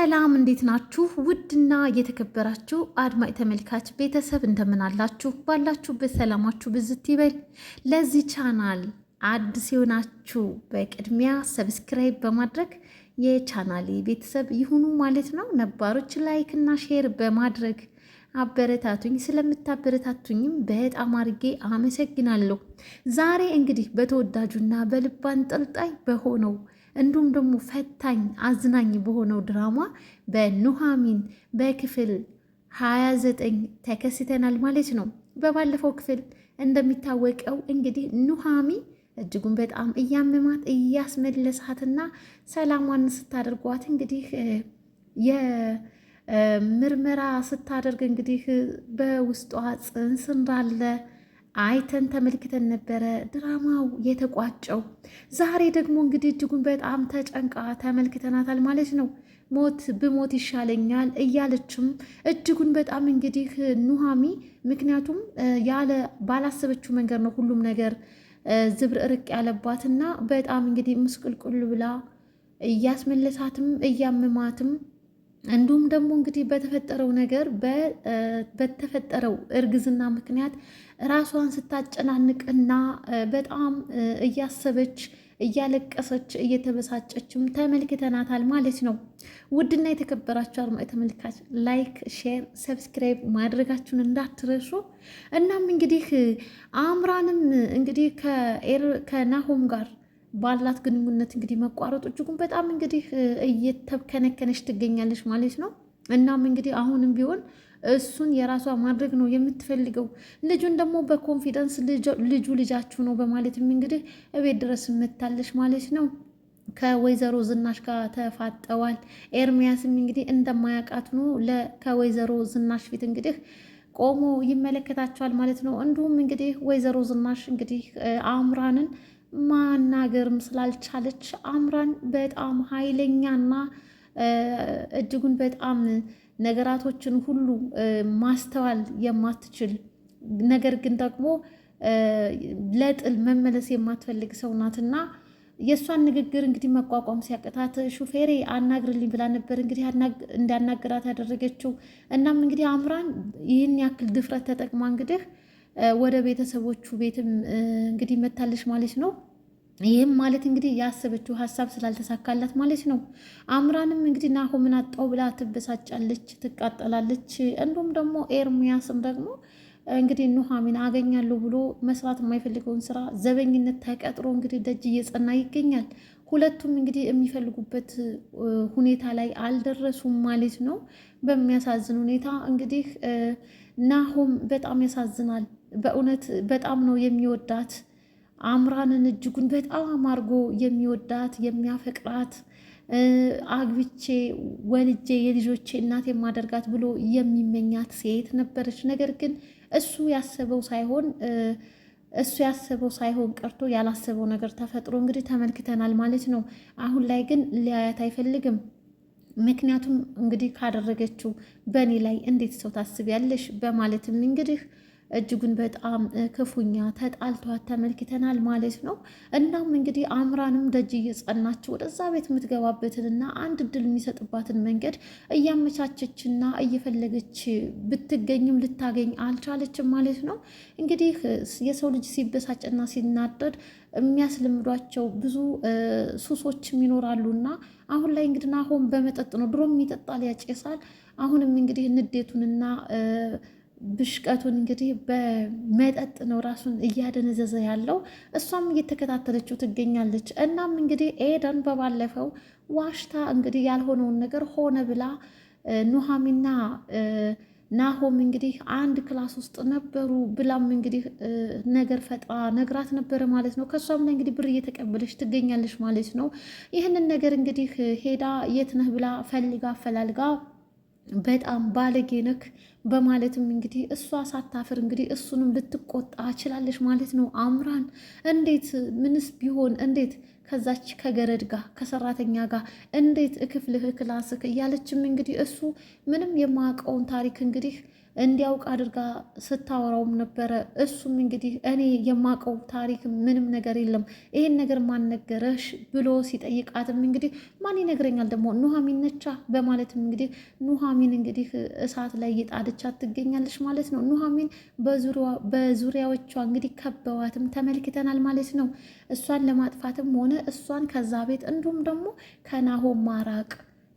ሰላም እንዴት ናችሁ? ውድና የተከበራችሁ አድማጭ ተመልካች ቤተሰብ እንደምናላችሁ ባላችሁበት ሰላማችሁ ብዝት ይበል። ለዚህ ቻናል አዲስ የሆናችሁ በቅድሚያ ሰብስክራይብ በማድረግ የቻናሌ ቤተሰብ ይሁኑ ማለት ነው። ነባሮች ላይክ እና ሼር በማድረግ አበረታቱኝ። ስለምታበረታቱኝም በጣም አድርጌ አመሰግናለሁ። ዛሬ እንግዲህ በተወዳጁና በልብ አንጠልጣይ በሆነው እንዲሁም ደግሞ ፈታኝ አዝናኝ በሆነው ድራማ በኑሃሚን በክፍል 29 ተከስተናል ማለት ነው። በባለፈው ክፍል እንደሚታወቀው እንግዲህ ኑሃሚ እጅጉን በጣም እያመማት እያስመለሳትና ሰላሟን ስታደርጓት እንግዲህ የምርመራ ስታደርግ እንግዲህ በውስጧ ጽንስ እንዳለ አይተን ተመልክተን ነበረ ድራማው የተቋጨው። ዛሬ ደግሞ እንግዲህ እጅጉን በጣም ተጨንቃ ተመልክተናታል ማለት ነው። ሞት ብሞት ይሻለኛል እያለችም እጅጉን በጣም እንግዲህ ኑሃሚ፣ ምክንያቱም ያለ ባላሰበችው መንገድ ነው ሁሉም ነገር ዝብርርቅ ያለባትና በጣም እንግዲህ ምስቅልቁል ብላ እያስመለሳትም እያመማትም እንዲሁም ደግሞ እንግዲህ በተፈጠረው ነገር በተፈጠረው እርግዝና ምክንያት ራሷን ስታጨናንቅና በጣም እያሰበች እያለቀሰች እየተበሳጨችም ተመልክተናታል ማለት ነው። ውድና የተከበራችሁ አድማጭ ተመልካች ላይክ፣ ሼር፣ ሰብስክራይብ ማድረጋችሁን እንዳትረሱ። እናም እንግዲህ አምራንም እንግዲህ ከናሆም ጋር ባላት ግንኙነት እንግዲህ መቋረጡ እጅጉን በጣም እንግዲህ እየተከነከነች ትገኛለች ማለት ነው። እናም እንግዲህ አሁንም ቢሆን እሱን የራሷ ማድረግ ነው የምትፈልገው። ልጁን ደግሞ በኮንፊደንስ ልጁ ልጃችሁ ነው በማለትም እንግዲህ እቤት ድረስ መታለች ማለት ነው። ከወይዘሮ ዝናሽ ጋር ተፋጠዋል። ኤርሚያስም እንግዲህ እንደማያውቃት ነው ከወይዘሮ ዝናሽ ፊት እንግዲህ ቆሞ ይመለከታቸዋል ማለት ነው። እንዲሁም እንግዲህ ወይዘሮ ዝናሽ እንግዲህ አእምራንን ማናገርም ስላልቻለች አምራን በጣም ኃይለኛና እጅጉን በጣም ነገራቶችን ሁሉ ማስተዋል የማትችል ነገር ግን ደግሞ ለጥል መመለስ የማትፈልግ ሰው ናትና የእሷን ንግግር እንግዲህ መቋቋም ሲያቅታት ሹፌሬ አናግርልኝ ብላ ነበር እንግዲህ እንዳናግራት ያደረገችው። እናም እንግዲህ አምራን ይህን ያክል ድፍረት ተጠቅማ እንግዲህ ወደ ቤተሰቦቹ ቤትም እንግዲህ መታለች ማለት ነው። ይህም ማለት እንግዲህ ያሰበችው ሀሳብ ስላልተሳካላት ማለት ነው። አምራንም እንግዲህ ናሆምን አጣው ብላ ትበሳጫለች፣ ትቃጠላለች። እንዲሁም ደግሞ ኤርሚያስም ደግሞ እንግዲህ ኑሐሚን አገኛለሁ ብሎ መስራት የማይፈልገውን ስራ ዘበኝነት ተቀጥሮ እንግዲህ ደጅ እየጸና ይገኛል። ሁለቱም እንግዲህ የሚፈልጉበት ሁኔታ ላይ አልደረሱም ማለት ነው። በሚያሳዝን ሁኔታ እንግዲህ ናሆም በጣም ያሳዝናል። በእውነት በጣም ነው የሚወዳት አምራንን እጅጉን በጣም አድርጎ የሚወዳት የሚያፈቅራት አግብቼ ወልጄ የልጆቼ እናት የማደርጋት ብሎ የሚመኛት ሴት ነበረች። ነገር ግን እሱ ያሰበው ሳይሆን እሱ ያሰበው ሳይሆን ቀርቶ ያላሰበው ነገር ተፈጥሮ እንግዲህ ተመልክተናል ማለት ነው። አሁን ላይ ግን ሊያያት አይፈልግም። ምክንያቱም እንግዲህ ካደረገችው በእኔ ላይ እንዴት ሰው ታስቢያለሽ በማለትም እንግዲህ እጅጉን በጣም ክፉኛ ተጣልቷት ተመልክተናል ማለት ነው። እናም እንግዲህ አምራንም ደጅ እየጸናችው ወደዛ ቤት የምትገባበትንና አንድ እድል የሚሰጥባትን መንገድ እያመቻቸችና እየፈለገች ብትገኝም ልታገኝ አልቻለችም ማለት ነው። እንግዲህ የሰው ልጅ ሲበሳጭና ሲናደድ የሚያስለምዷቸው ብዙ ሱሶችም ይኖራሉና አሁን ላይ እንግዲህ ናሆም በመጠጥ ነው። ድሮም ይጠጣል፣ ያጨሳል። አሁንም እንግዲህ ንዴቱንና ብሽቀቱን እንግዲህ በመጠጥ ነው ራሱን እያደነዘዘ ያለው። እሷም እየተከታተለችው ትገኛለች። እናም እንግዲህ ኤደን በባለፈው ዋሽታ እንግዲህ ያልሆነውን ነገር ሆነ ብላ ኑሐሚና ናሆም እንግዲህ አንድ ክላስ ውስጥ ነበሩ ብላም እንግዲህ ነገር ፈጥራ ነግራት ነበረ ማለት ነው። ከእሷም ላይ እንግዲህ ብር እየተቀበለች ትገኛለች ማለት ነው። ይህንን ነገር እንግዲህ ሄዳ የት ነህ ብላ ፈልጋ አፈላልጋ በጣም ባለጌ ነክ በማለትም እንግዲህ እሷ ሳታፍር እንግዲህ እሱንም ልትቆጣ ችላለች ማለት ነው። አምራን እንዴት ምንስ ቢሆን እንዴት ከዛች ከገረድ ጋር ከሰራተኛ ጋር እንዴት እክፍልህ ክላስክ እያለችም እንግዲህ እሱ ምንም የማያውቀውን ታሪክ እንግዲህ እንዲያውቅ አድርጋ ስታወራውም ነበረ። እሱም እንግዲህ እኔ የማውቀው ታሪክ ምንም ነገር የለም ይሄን ነገር ማን ነገረሽ ብሎ ሲጠይቃትም እንግዲህ ማን ይነግረኛል ደግሞ ኑሃሚን ነቻ በማለትም እንግዲህ ኑሃሚን እንግዲህ እሳት ላይ ይጣድ እያለቻት ትገኛለች ማለት ነው። ኑሐሚን በዙሪያዎቿ እንግዲህ ከበዋትም ተመልክተናል ማለት ነው። እሷን ለማጥፋትም ሆነ እሷን ከዛ ቤት እንዲሁም ደግሞ ከናሆም ማራቅ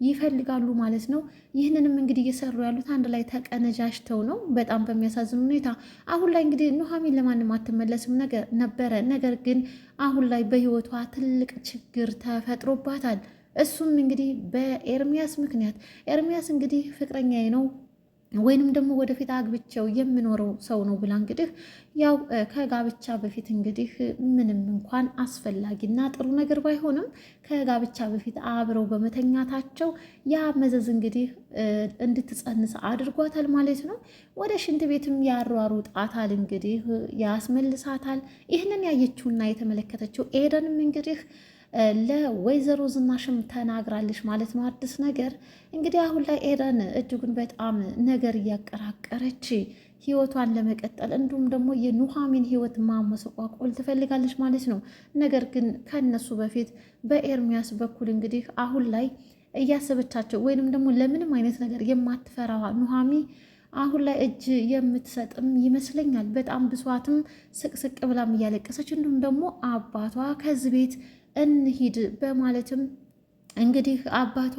ይፈልጋሉ ማለት ነው። ይህንንም እንግዲህ እየሰሩ ያሉት አንድ ላይ ተቀነጃጅተው ነው፣ በጣም በሚያሳዝን ሁኔታ። አሁን ላይ እንግዲህ ኑሐሚን ለማንም አትመለስም ነበረ። ነገር ግን አሁን ላይ በህይወቷ ትልቅ ችግር ተፈጥሮባታል። እሱም እንግዲህ በኤርሚያስ ምክንያት ኤርሚያስ እንግዲህ ፍቅረኛዬ ነው ወይንም ደግሞ ወደፊት አግብቼው የምኖረው ሰው ነው ብላ እንግዲህ ያው ከጋብቻ በፊት እንግዲህ ምንም እንኳን አስፈላጊና ጥሩ ነገር ባይሆንም ከጋብቻ በፊት አብረው በመተኛታቸው ያ መዘዝ እንግዲህ እንድትጸንስ አድርጓታል ማለት ነው። ወደ ሽንት ቤትም ያሯሩጣታል እንግዲህ ያስመልሳታል። ይህንን ያየችውና የተመለከተችው ኤደንም እንግዲህ ለወይዘሮ ዝናሽም ተናግራለች ማለት ነው። አዲስ ነገር እንግዲህ አሁን ላይ ኤደን እጅጉን በጣም ነገር እያቀራቀረች ህይወቷን ለመቀጠል እንዲሁም ደግሞ የኑሃሚን ህይወት ማመሰቋቆል ትፈልጋለች ማለት ነው። ነገር ግን ከነሱ በፊት በኤርሚያስ በኩል እንግዲህ አሁን ላይ እያሰበቻቸው ወይንም ደግሞ ለምንም አይነት ነገር የማትፈራዋ ኑሃሚ አሁን ላይ እጅ የምትሰጥም ይመስለኛል። በጣም ብሷትም ስቅስቅ ብላም እያለቀሰች እንዲሁም ደግሞ አባቷ ከዚህ ቤት እንሂድ በማለትም እንግዲህ አባቷ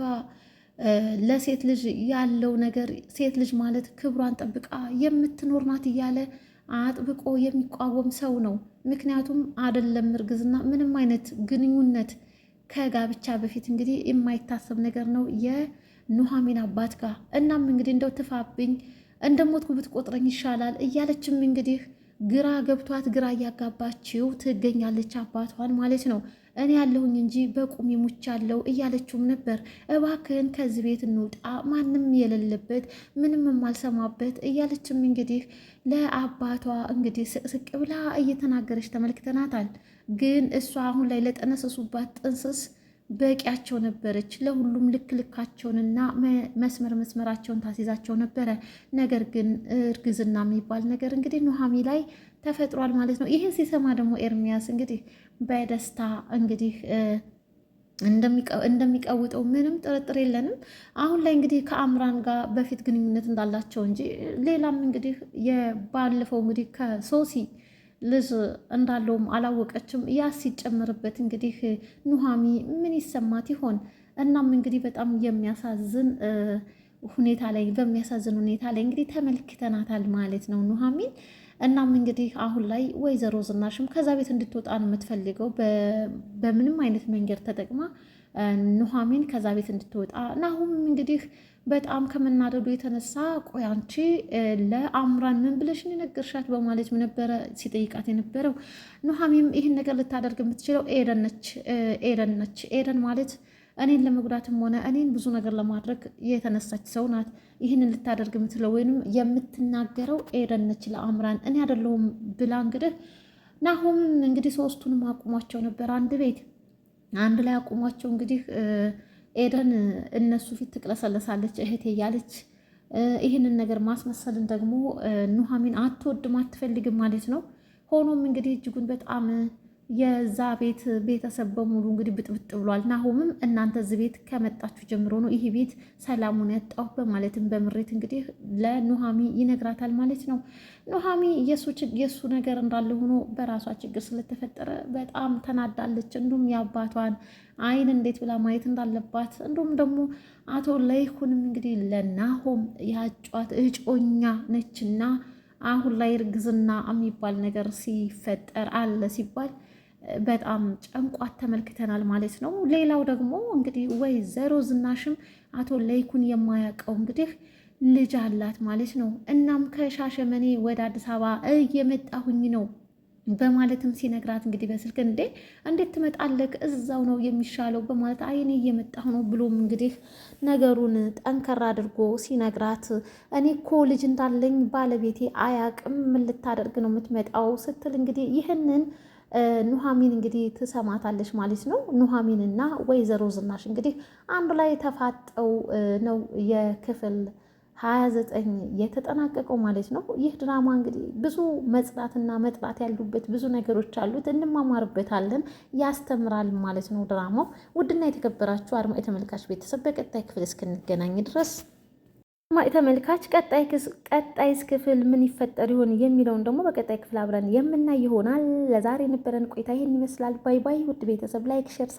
ለሴት ልጅ ያለው ነገር ሴት ልጅ ማለት ክብሯን ጠብቃ የምትኖር ናት እያለ አጥብቆ የሚቋወም ሰው ነው። ምክንያቱም አደለም እርግዝና ምንም አይነት ግንኙነት ከጋብቻ በፊት እንግዲህ የማይታሰብ ነገር ነው የኑሐሚን አባት ጋር። እናም እንግዲህ እንደው ትፋብኝ እንደሞትኩ ብትቆጥረኝ ይሻላል እያለችም እንግዲህ ግራ ገብቷት ግራ እያጋባችው ትገኛለች አባቷን ማለት ነው። እኔ ያለሁኝ እንጂ በቁም ሙቻለው እያለችውም ነበር። እባክህን ከዚህ ቤት እንውጣ፣ ማንም የሌለበት ምንም የማልሰማበት እያለችም እንግዲህ ለአባቷ እንግዲህ ስቅስቅ ብላ እየተናገረች ተመልክተናታል። ግን እሷ አሁን ላይ ለጠነሰሱባት ጥንስስ በቂያቸው ነበረች። ለሁሉም ልክ ልካቸውንና መስመር መስመራቸውን ታስይዛቸው ነበረ። ነገር ግን እርግዝና የሚባል ነገር እንግዲህ ኑሃሚ ላይ ተፈጥሯል ማለት ነው። ይህን ሲሰማ ደግሞ ኤርሚያስ እንግዲህ በደስታ እንግዲህ እንደሚቀውጠው ምንም ጥርጥር የለንም። አሁን ላይ እንግዲህ ከአምራን ጋር በፊት ግንኙነት እንዳላቸው እንጂ ሌላም እንግዲህ የባለፈው እንግዲህ ከሶሲ ልጅ እንዳለውም አላወቀችም። ያ ሲጨምርበት እንግዲህ ኑሃሚ ምን ይሰማት ይሆን? እናም እንግዲህ በጣም የሚያሳዝን ሁኔታ ላይ በሚያሳዝን ሁኔታ ላይ እንግዲህ ተመልክተናታል ማለት ነው ኑሃሚን። እናም እንግዲህ አሁን ላይ ወይዘሮ ዝናሽም ከዛ ቤት እንድትወጣ ነው የምትፈልገው በምንም አይነት መንገድ ተጠቅማ ኑሐሚን ከዛ ቤት እንድትወጣ ናሁም እንግዲህ በጣም ከመናደዱ የተነሳ ቆይ አንቺ ለአምራን ምን ብለሽ የነገርሻት በማለት ነበረ ሲጠይቃት የነበረው። ኑሐሚንም ይህን ነገር ልታደርግ የምትችለው ኤደን ነች። ኤደን ነች። ኤደን ማለት እኔን ለመጉዳትም ሆነ እኔን ብዙ ነገር ለማድረግ የተነሳች ሰው ናት። ይህንን ልታደርግ የምትለው ወይንም የምትናገረው ኤደን ነች ለአምራን፣ እኔ አይደለሁም ብላ እንግዲህ ናሁም እንግዲህ ሶስቱንም አቁሟቸው ነበር አንድ ቤት አንድ ላይ አቁሟቸው እንግዲህ ኤደን እነሱ ፊት ትቅለሰለሳለች እህቴ እያለች ይህንን ነገር ማስመሰልን ደግሞ ኑሐሚን አትወድም አትፈልግም ማለት ነው። ሆኖም እንግዲህ እጅጉን በጣም የዛ ቤት ቤተሰብ በሙሉ እንግዲህ ብጥብጥ ብሏል። ናሆምም እናንተ እዚህ ቤት ከመጣችሁ ጀምሮ ነው ይህ ቤት ሰላሙን ያጣሁ በማለትም በምሬት እንግዲህ ለኑሃሚ ይነግራታል ማለት ነው። ኑሃሚ የእሱ ነገር እንዳለ ሆኖ በራሷ ችግር ስለተፈጠረ በጣም ተናዳለች። እንዲሁም የአባቷን አይን እንዴት ብላ ማየት እንዳለባት እንዲሁም ደግሞ አቶ ለይኩንም እንግዲህ ለናሆም ያጫት እጮኛ ነችና አሁን ላይ እርግዝና የሚባል ነገር ሲፈጠር አለ ሲባል በጣም ጨንቋት ተመልክተናል ማለት ነው። ሌላው ደግሞ እንግዲህ ወይዘሮ ዝናሽም አቶ ለይኩን የማያውቀው እንግዲህ ልጅ አላት ማለት ነው። እናም ከሻሸመኔ ወደ አዲስ አበባ እየመጣሁኝ ነው በማለትም ሲነግራት እንግዲህ በስልክ እንዴ እንዴት ትመጣለህ? እዛው ነው የሚሻለው በማለት አይኔ እየመጣሁ ነው ብሎም እንግዲህ ነገሩን ጠንከር አድርጎ ሲነግራት እኔ እኮ ልጅ እንዳለኝ ባለቤቴ አያቅም፣ ምን ልታደርግ ነው የምትመጣው? ስትል እንግዲህ ይህንን ኑሐሚን እንግዲህ ትሰማታለች ማለት ነው። እና ወይዘሮ ዝናሽ እንግዲህ አንዱ ላይ ተፋጠው ነው የክፍል ሀያ ዘጠኝ የተጠናቀቀው ማለት ነው። ይህ ድራማ እንግዲህ ብዙ መጽናትና መጥላት ያሉበት ብዙ ነገሮች አሉት፣ እንማማርበታለን፣ ያስተምራል ማለት ነው ድራማው። ውድና የተከበራችሁ አድማጭ ተመልካች ቤተሰብ በቀጣይ ክፍል እስክንገናኝ ድረስ ተመልካች ቀጣይስ ክፍል ምን ይፈጠር ይሆን የሚለውን ደግሞ በቀጣይ ክፍል አብረን የምናይ ይሆናል። ለዛሬ የነበረን ቆይታ ይህን ይመስላል። ባይ ባይ። ውድ ቤተሰብ ላይክ፣ ሼር፣